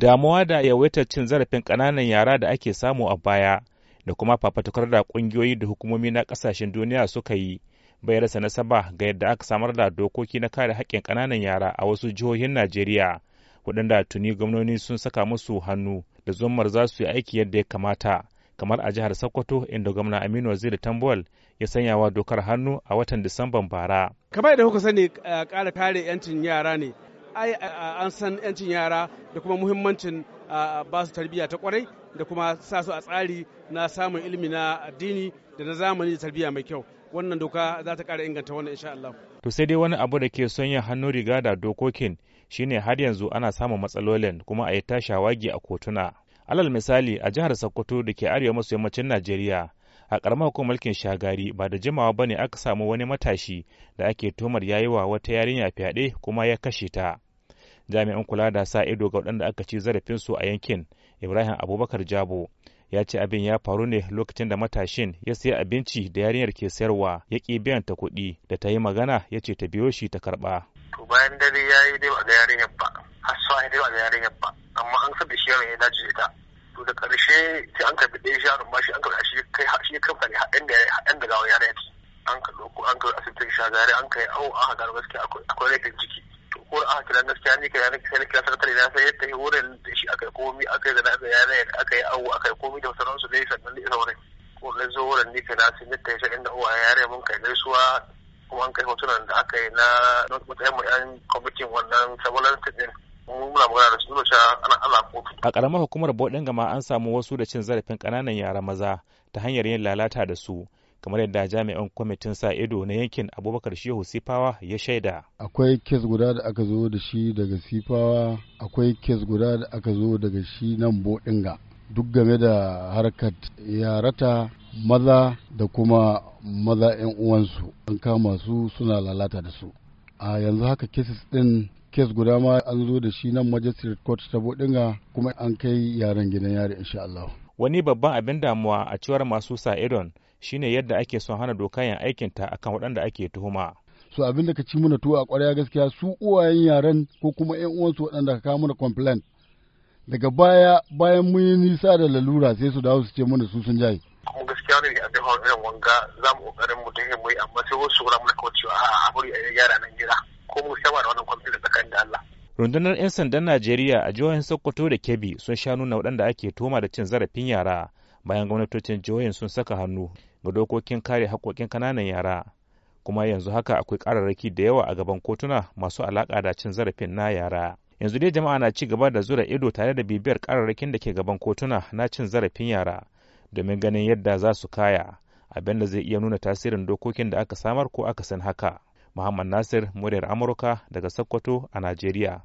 damuwa da yawaitar cin zarafin ƙananan yara da ake samu a baya da kuma fafatukar da ƙungiyoyi da hukumomi na ƙasashen duniya suka yi bai rasa nasaba ga yadda aka samar da dokoki na kare haƙƙin ƙananan yara a wasu jihohin najeriya waɗanda tuni gwamnoni sun saka musu hannu da zummar za su yi aiki yadda ya kamata kamar a jihar sokoto inda gwamna aminu waziri tambol ya sanya wa dokar hannu a watan disamban bara kamar da kuka sani ƙara kare 'yancin yara ne ai an san 'yancin yara da kuma muhimmancin ba su tarbiyya ta kwarai da kuma sa su a tsari na samun ilimi na addini da na zamani da tarbiyya mai kyau wannan doka za ta kara inganta wannan insha Allah. To sai dai wani abu da ke son yin hannu riga da dokokin shine har yanzu ana samun matsalolin kuma a yi ta shawagi a kotuna. Alal misali a jihar Sokoto da ke arewa maso yammacin Najeriya a ƙaramar hukumar mulkin shagari ba da jimawa ba ne aka samu wani matashi da ake tomar yayi wa wata yarinya fyaɗe kuma ya kashe ta. jami'an kula da sa ido ga waɗanda aka ci zarafinsu a yankin ibrahim abubakar jabo ya ce abin ya faru ne lokacin da matashin ya siya abinci da yarinyar ke sayarwa ya ƙi biyan ta kuɗi da ta yi magana ya ce ta biyo shi ta karɓa. to bayan dare ya yi dai ba ga yarinyar ba har sa ya dai ba ga yarinyar ba amma an da shi yaron ya dace ita to da ƙarshe sai an karɓi ɗaya yaron ba shi an karɓi shi kai shi kamfani haɗin da gawa yarinyar an karɓi ko an karɓi asibitin shagari an kai awo aka gano gaskiya akwai laifin ciki. ko a kiran gaskiya ni kira ni sai kira sakatare na sai yadda wurin da shi akai komi zana da na yana akai awu akai komi da sauransu dai sannan da sauran kuma na zo wurin ni kira sai yadda shi inda uwa yare mun kai gaisuwa kuma an kai hotunan da aka yi na matsayin mu yan kwamitin wannan surveillance din muna magana da su sha ana ana kotu a ƙaramar hukumar bodin gama an samu wasu da cin zarafin ƙananan yara maza ta hanyar yin lalata da su kamar yadda jami'an kwamitin sa ido na yankin abubakar shehu sifawa ya shaida akwai kes guda da aka zo da shi daga sifawa akwai kes guda da aka zo daga shi nan bodinga duk game da harkar yarata maza da kuma maza 'yan uwansu an kama su suna lalata da su a yanzu haka cases din kes guda ma an zo da shi nan magistrate court ta bodinga kuma an kai yaren gidan yari insha wani babban abin damuwa a cewar masu sa idon shine yadda ake son hana doka yin aikinta akan waɗanda ake tuhuma so abin da ka ci muna tuwo a ƙwarya gaskiya su uwayen yaren ko kuma ƴan uwansu waɗanda ka kawo muna complaint daga baya bayan mun yi nisa da lalura sai su dawo su ce muna su sun jaye mu gaskiya ne a da irin wanga za mu ƙoƙarin mu dinga mu yi amma sai wasu gura muna kawo cewa a haƙuri a yara nan gida ko mu saba da wannan complaint tsakanin da Allah rundunar 'yan sandan najeriya a jihohin sokoto da kebbi sun sha nuna waɗanda ake tuhuma da cin zarafin yara bayan gwamnatocin jihohin sun saka hannu ga dokokin kare haƙoƙin kananan yara kuma yanzu haka akwai ƙararraki da yawa a gaban kotuna masu alaƙa da cin zarafin na yara yanzu dai jama'a na ci gaba da zura ido tare da bibiyar kararrakin da ke gaban kotuna na cin zarafin yara domin ganin yadda za su kaya abin da zai iya nuna tasirin dokokin da aka samar ko aka san haka muhammad nasir muryar amurka daga sokoto a najeriya